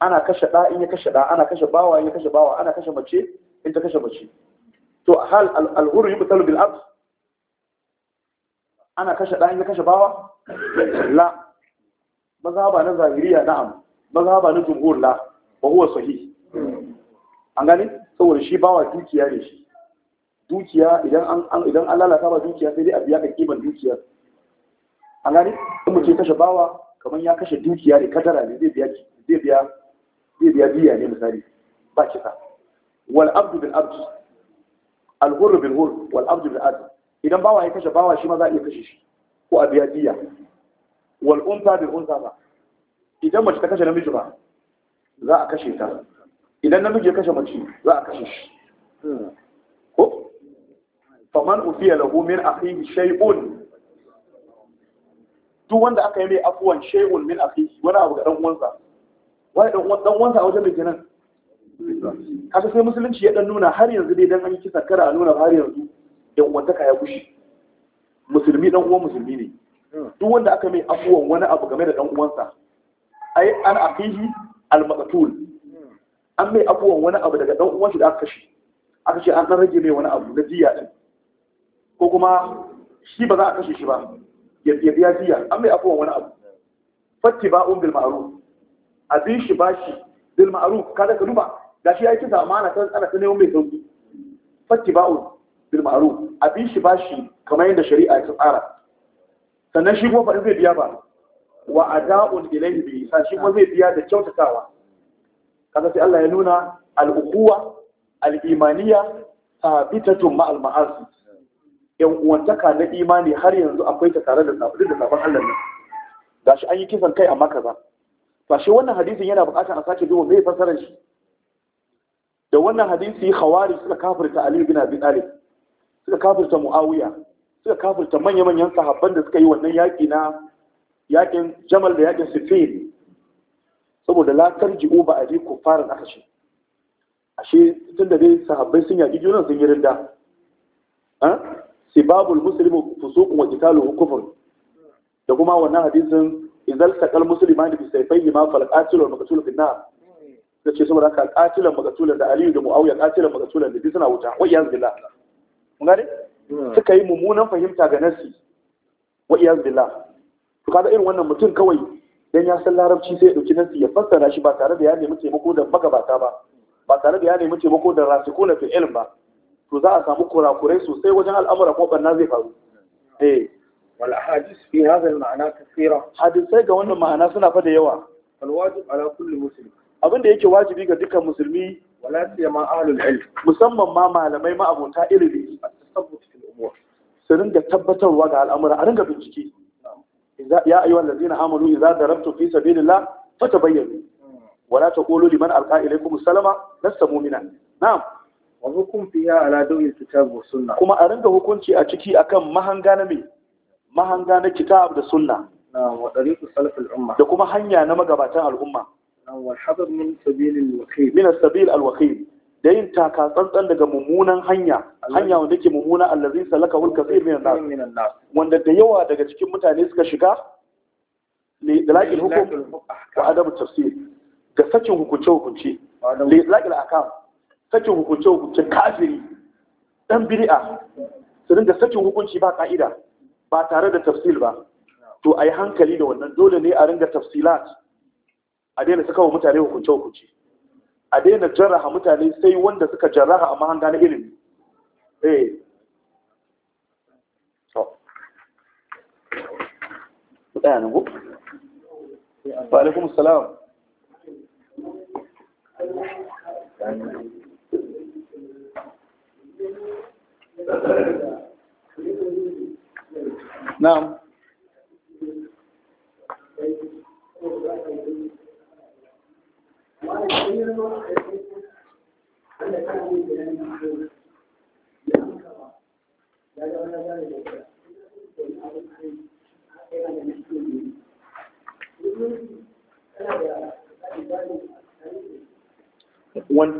ana kashe ɗa in ya kashe ɗa ana kashe bawa in ya kashe bawa ana kashe mace in ta kashe mace to hal al'uru yi mutalu bil abd ana kashe ɗa in ya kashe bawa la ba na zahiriya na'am ba na jumhur la wa huwa sahi an gani saboda shi bawa dukiya ne shi dukiya idan an idan an lalata ba dukiya sai dai a biya ka kiman dukiya an gani in mutum kashe bawa kamar ya kashe dukiya ne kadara ne zai biya zai biya zai biya biya ne misali ba kisa walAbdu abdu bil abdu al hurr bil hurr wal abdu idan bawa ya kashe bawa shi ma za a iya kashe shi ko a biya biya wal'unta unta bil unta ba idan mace ta kashe namiji ba za a kashe ta idan namiji ya kashe mace za a kashe shi ko faman ufiya lahu min akhihi shay'un duk wanda aka yi mai afuwan shay'un min akhihi wani abu ga dan uwansa wani dan wanta a wajen da kenan kaga sai musulunci ya dan nuna har yanzu dai dan an yi kisa kara a nuna har yanzu yan uwantaka ya gushi musulmi dan uwan musulmi ne duk wanda aka mai afuwan wani abu game da dan uwansa ai an akihi al-maqtul an mai afuwan wani abu daga dan uwansa da aka kashe aka ce an dan rage mai wani abu na jiya din ko kuma shi ba za a kashe shi ba ya biya jiya an mai afuwan wani abu fattiba'un bil ma'ruf a bi shi bashi bil ma'ruf ka ka duba gashi yayi kisa amma ana ta tsara ta neman mai sauki fattiba'u bil ma'ruf a bi shi bashi kamar yadda shari'a ta tsara sannan shi kuma faɗin zai biya ba wa ada'un ilayhi bi isa shi kuma zai biya da kyautatawa kaga sai Allah ya nuna al al'imaniya al-imaniyya sabitatun ma'al ma'asi yan uwantaka na imani har yanzu akwai ta tare da sabon Allah ne gashi an yi kisan kai a amma za. ba shi wannan hadisin yana bukatar a sake duba mai fasarar shi da wannan hadisi khawari suka kafirta Ali bin Abi Talib suka kafirta Muawiya suka kafirta manya-manyan sahabban da suka yi wannan yaki na yakin Jamal da yakin sifin saboda la tarji'u ba abi kuffaran akashi ashe tun da dai sahabbai sun yaki junan sun yi rinda sibabul muslimu fusuqun wa qitaluhu kufr da kuma wannan hadisin idan takal musulman bi fayyi ma fal ma wal maqtul fi nar kace saboda haka qatilan maqtulan da aliyu da muawiya qatilan maqtulan da duk suna wuta wa iyaz billah mun gane suka yi mummunan fahimta ga nasi wa iyaz billah to kaga irin wannan mutum kawai dan ya san larabci sai ya dauki nasi ya fassara shi ba tare da ya nemi taimako da magabata ba ba tare da ya nemi taimako da rasikuna fi ilm ba to za a samu kurakurai sosai wajen al'amura ko banna zai faru eh wal ahadith fi hadha al ma'ana kathira hadisai ga wannan ma'ana suna fa da yawa al wajib ala kulli muslim abin yake wajibi ga duka musulmi wala siyama ahlul ilm musamman ma malamai ma abota ilimi su ringa tabbatarwa ga al'amura a ringa bincike ya ayyuhal ladzina amanu idza darabtum fi sabilillah fatabayyanu wala taqulu liman alqa ilaykum salama lasta mu'minan na'am wa hukum fiha ala dawi kitab wa kuma a ringa hukunci a ciki akan mahanga na me mahanga na kitab da sunna umma da kuma hanya na magabatan al'umma min sabil al min sabil da yin taka tsantsan daga mummunan hanya hanya wanda ke mummuna allazi salaka wal kafir min nas wanda da yawa daga cikin mutane suka shiga li dalakil hukum wa adab tafsir ga sakin hukunce hukunce li dalakil akam sakin hukunce hukunce kafiri dan bid'a su dinga sakin hukunci ba ka'ida ba tare da tafsil ba to a yi hankali da wannan dole ne a ringa tafsilat a daina suka wa mutane hukunce hukunce a daina jarraha mutane sai wanda suka jarraha amma an gane ilimi eh nan wa alaikum salam Thank you. na'am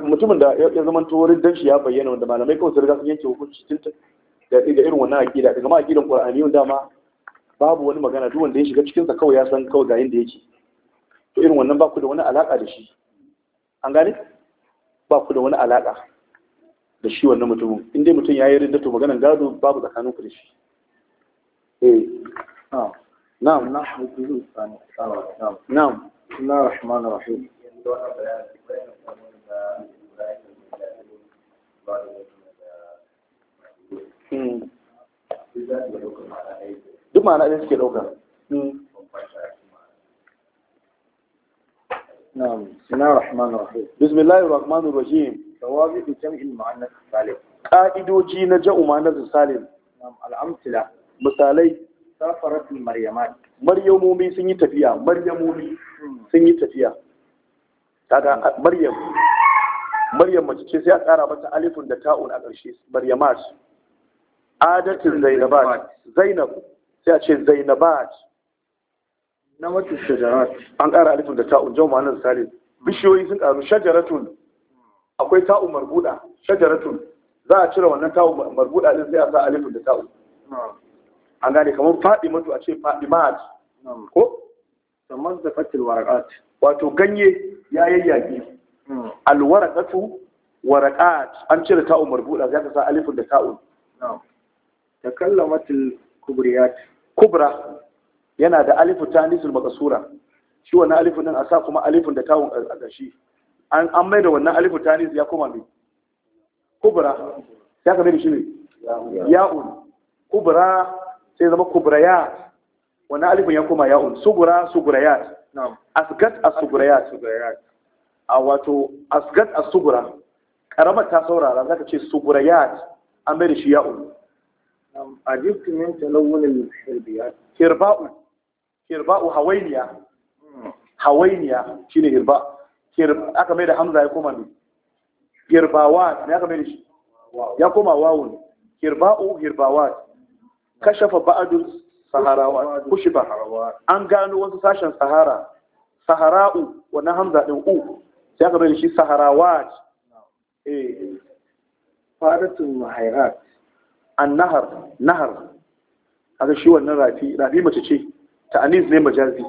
mutumin da ya zama turin don shi ya bayyana wanda malamai kawai su riga sun yanke hukunci tuntun da da irin wannan aƙida, daga ma akidan yau dama babu wani magana duk wanda ya shiga cikin sa kawai ya san kawai ga yadda yake to irin wannan ba ku da wani alaƙa da shi an gane ba ku da wani alaƙa da shi wannan mutumin in dai mutum ya yi rinda to maganan gado babu tsakanin ku da shi eh ah. ah, na'am na'am na'am na rahman rahim Hmm. duk ma'ana ɗin suke ɗauka hmm. Bismillahi sina rahman rahim. Bismillahir rahmanir rahim. Tawazi'u jam'il mu'annath salim. Ka'idoji na ja'u mu'annath salim. Na'am, al'amtila. Misalai safarat maryamat. Maryamumi sun yi tafiya, hmm. sun yi tafiya. Maryam. Maryam mace ce sai a ƙara mata alifun da ta'un a ƙarshe, adatin zainabat zainab sai a ce zainabat na wata shajarat an ƙara alifin da ta'un jau ma'anar salim bishiyoyi sun ƙaru shajaratun akwai ta'un marbuda shajaratun za a cire wannan ta'un marbuda din sai a sa alifin da ta'un an gane kamar faɗi mutu a ce faɗi mat ko kamar da fatil warakat wato ganye ya yayyage hmm. alwarakatu warakat an cire ta'un marbuda sai a sa alifin da ta'un takallamatul kubriyat kubra yana da alifu tanisul maqsura shi wannan alifun din a sa kuma alifun da tawun a gashi an an mai da wannan alifu tanis ya koma mai kubra ya ka mai da shi ne ya'un kubra sai zama kubrayat wannan alifun ya koma ya'un sugura sugrayat na'am asgat asugrayat a wato asgat asugura karamar ta saurara zaka ce sugrayat an mai da shi ya'un ajibtu min talawun al-hirbiyat hirba'u hirba'u hawainiya aka mai hamza ya koma ne hirbawa ne aka mai shi ya koma wawun hirba'u hirbawa kashafa ba'adu saharawa kushiba an gano wasu sashen sahara sahara'u wannan hamza din u sai aka mai shi saharawa eh fadatun annahar nahar kaga shi wannan rafi rafi mace ce ta anis ne majazi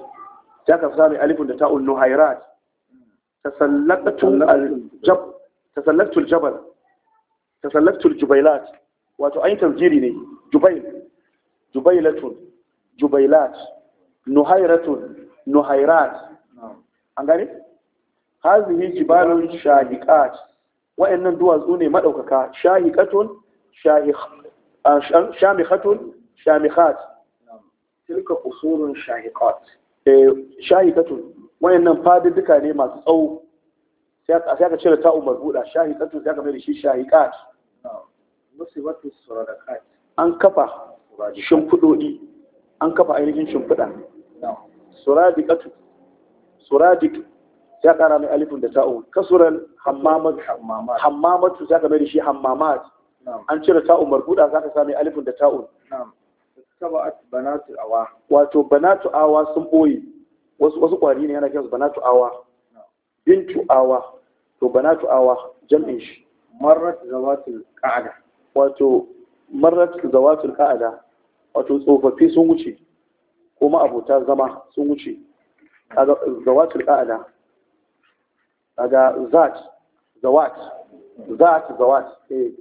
ya ka sami alifun da ta'un nuhairat tasallaqatul aljab tasallaqtul jabal tasallaqtul jubailat wato ayin tarjiri ne jubail jubailatun jubailat nuhairatun nuhairat an gane hazihi jibalun shahiqat wa'annan duwatsu ne madaukaka shahiqatun shahih shamikhatun شامخات تلك قصور شاهقات eh shahikatun wayannan duka ne masu tsawo sai aka cire ta umar shahi shahikatun sai ka mai da shi shahiqat musibatu an kafa shimfiɗoɗi, an kafa ainihin shimfida suradik ya ƙara mai alifin da ta'un kasuran hammamatu sai ka mai da shi hammamat an cire ta'un marbuda ka sami alifin da ta'un tabat banatu awa wato banatu awa sun boye wasu wasu kwari ne yana kiransu banatu awa bintu awa to banatu awa jam'in shi marrat zawatul qa'ada wato marrat zawatul qa'ada wato tsofaffi sun wuce kuma abota zama sun wuce kaga zawatul qa'ada kaga zat zawat zat zawat eh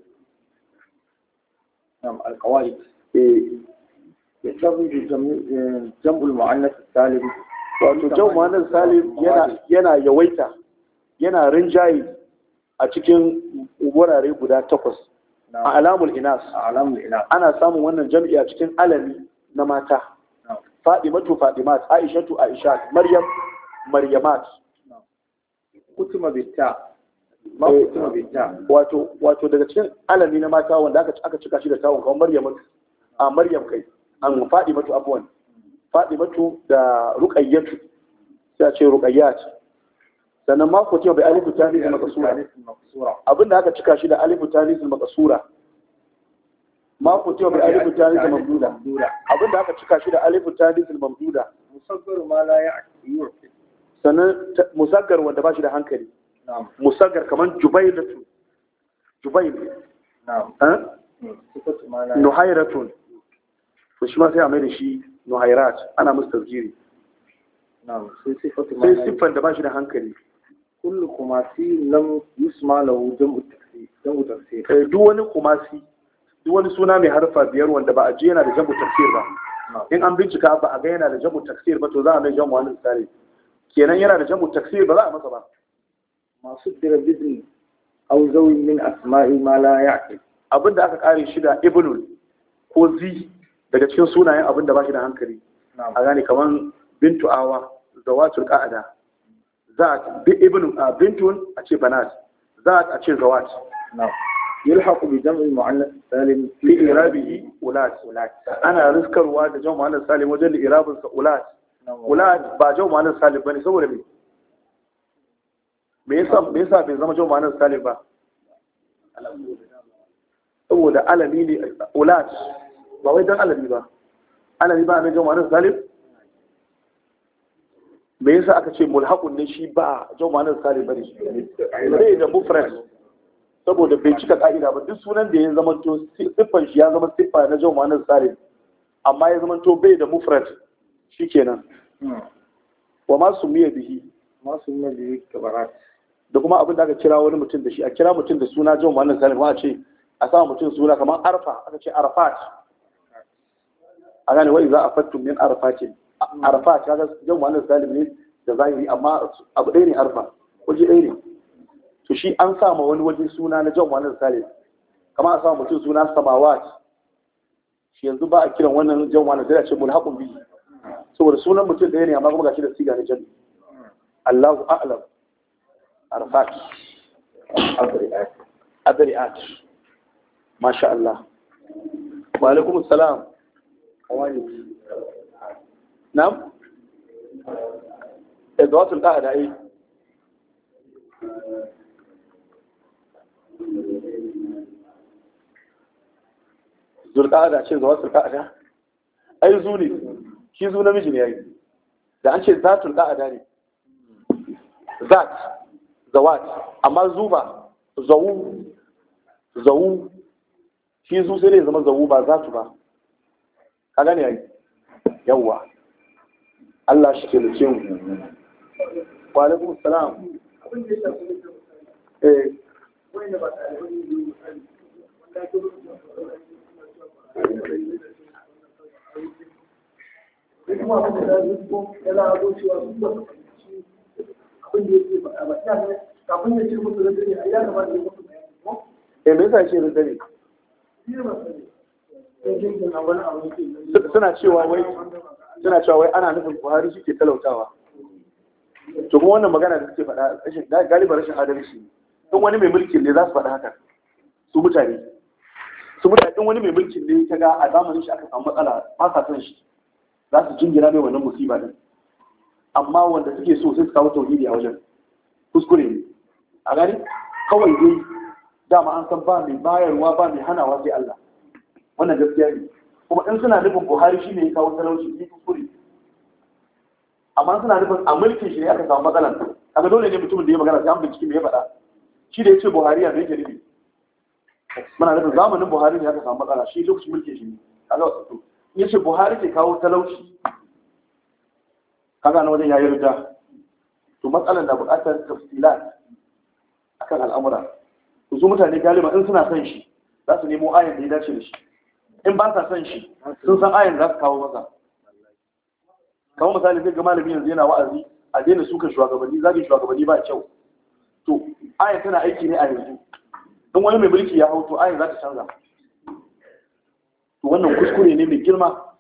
wato jan muhannin salim yana yawaita yana rinjaye a cikin wurare guda takwas a alamul inas ana samun wannan jam'i a cikin alami na mata fadimatu fadimat aishatu aishat maryam maryamat kutuma bitta Eh, wato daga cikin alami na mata wanda aka cika shi da tawon kawai maryam a maryam kai an faɗi matu abuwan faɗi matu da Rukayyatu. sai a ce Rukayyatu. sannan mako ce bai alifu tanis maka sura. Abinda aka cika shi da alifu tanis makasura mako ce bai alifu tanis mamduda abin aka cika shi da alifu tanis mamduda musaggar ma la sannan musaggar wanda ba shi da hankali musagar kamar jubailatu jubail hmm, nuhairatun to shi ma sai a mai da shi nuhairat ana musu tafjiri sai siffan da ba shi da hankali kullu kumasi lam yusma lahu jam'u tafsir eh, duk wani kumasi duk wani suna mai harfa biyar wanda ba a ji yana da jam'u tafsir ba in an bincika ba a ga yana da jam'u tafsir ba to za a mai jam'u wani tsare kenan yana da jam'u tafsir ba za a masa ba masu dirabidin au zawin min asma'i ma la ya'qil abin da aka kare shi da ibnul ko zi daga cikin sunayen abin da ba shi da hankali a gane kamar bintu awa zawatul Za a bi Ibnul? A Bintu? a ce banat Za a ce zawat yulhaqu bi Jami'in mu'annas salim fi irabihi ulat ana riskarwa da jam'u mu'annas salim wajen irabin sa ulat ulat ba jam'u mu'annas salim bane saboda me me yasa me yasa bai zama jama'a nan salih ba saboda alami ne ulat ba wai dan alami ba alami ba mai jama'a nan salih me yasa aka ce mulhaqun ne shi ba jama'a nan salih ne? Bai da mufrad saboda bai cika ka'ida ba duk sunan da ya zama to siffan shi ya zama siffa na jama'a nan salih amma ya zama to bai da shi shikenan hmm. wa ma miya bihi masu miya bihi kabarat da kuma abin da aka kira wani mutum da shi a kira mutum da suna jin wannan sanin kuma a ce a sa mutum suna kamar arfa aka ce arfat a gane wai za a fattu min arfatin arfat kaga jin wannan sanin ne da zahiri amma abu ɗaya ne arfa waje ɗaya ne to shi an sa ma wani waje suna na jin wannan sanin kamar a sa mutum suna samawat shi yanzu ba a kiran wannan jin wannan sai ce ce haƙun biyu saboda sunan mutum ɗaya ne amma kuma gashi da siga na jan. Allahu a'lam arfat adri'at masha Allah wa alaikum salam kawani na'am idwatul qahda ai eh? zulqa'ada ce zuwa zulqa'ada ai zu ne shi zu namiji ne yi. da an ce za zatul qa'ada ne zat zawat amma zuba zawu zawu shi zu sai ne zama zawu ba za tu ba ka gane yayi yawa Allah shi ke da luce mu wa alaikum salam eh Duk kuma abin da za su yi ko abin da yake faɗa ba ina ne kafin ya ce musu da dare ai ya kamata ya musu ko eh me yasa ce da dare suna cewa wai suna cewa wai ana nufin Buhari shi ke talautawa to kuma wannan magana da suke faɗa rashin galiba rashin adalci ne in wani mai mulkin ne za su faɗa haka su mutane su mutane in wani mai mulkin ne ta ga a zamanin shi aka samu matsala ba sa son shi za su jingina mai wannan musiba din amma wanda suke so sai su kawo tauhidi a wajen kuskure ne a gani kawai dai dama an san ba mai bayarwa ba mai hanawa sai Allah wannan gaskiya ne kuma in suna nufin Buhari shi ne ya kawo talauci ne kuskure amma suna nufin a mulkin shi ne aka samu matsalan kaga dole ne mutumin da ya magana sai an bincike me ya faɗa shi da ya ce Buhari ya ne yake nufi muna nufin zamanin Buhari ne aka samu matsala shi lokacin mulkin shi ne kaga ya ce Buhari ke kawo talauci kaga na wajen yi rida to matsalar na buƙatar tafsila akan al'amura to su mutane galiba in suna son shi za su nemo ayan da ya dace da shi in ba sa son shi sun san ayan za su kawo masa kamar misali sai ga malami yanzu yana wa'azi a daina suka shugabanni zagin shugabanni ba kyau to ayan tana aiki ne a yanzu in wani mai mulki ya hau to ayan za ta canza to wannan kuskure ne mai girma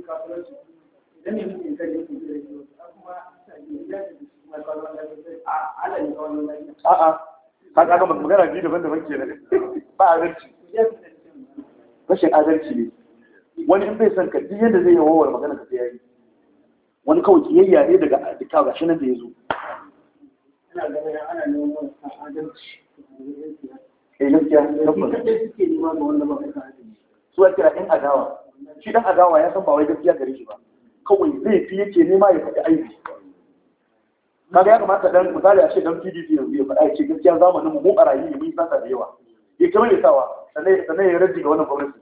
a'a ka ga magana biyu daban-daban ke nan ba adalci rashin adalci ne wani in bai son ka duk yadda zai yawowar magana ka sai wani kawai kiyayya ne daga duka ga shi nan da ya zo eh gaskiya su ake in adawa shi da adawa ya san ba wai gaskiya gare shi ba kawai zai fi yake nema ya faɗi aiki kaga ya kamata dan misali a ce dan PDP yanzu ya faɗa ya ce gaskiya zamanin mu mu barayi ne mun yi sata da yawa ya kamar ya sawa sannan ya rage ga wannan gwamnati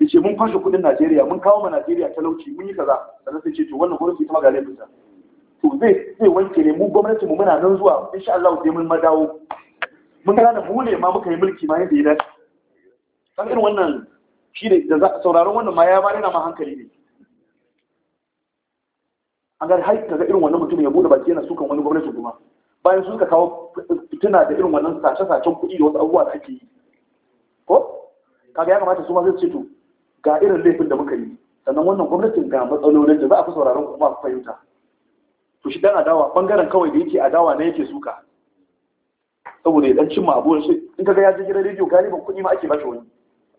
ya ce mun kwashe kudin Najeriya mun kawo ma Najeriya talauci mun yi kaza sannan sai ce to wannan gwamnati ta ma ga ta to zai zai wanke ne mu gwamnati mu muna nan zuwa insha Allah sai mun madawo mun gane mu ne ma muka yi mulki ma yadda ya dace kan irin wannan shi da sauraron wannan ma ya ma yana ma hankali ne an gani har kaga irin wannan mutum ya bude baki yana sukan wani gwamnati kuma bayan sun ka kawo fitina da irin wannan sace-sacen kuɗi da wasu abubuwa da ake yi ko kaga ya kamata su ma zai ce to ga irin laifin da muka yi sannan wannan gwamnatin ga matsalolin da za a fi sauraron kuma a fahimta to shi dan adawa bangaren kawai da yake adawa na yake suka saboda ya dan ma abuwan shi in ka ga ya je gidan rediyo galiban kuɗi ma ake ba shi wani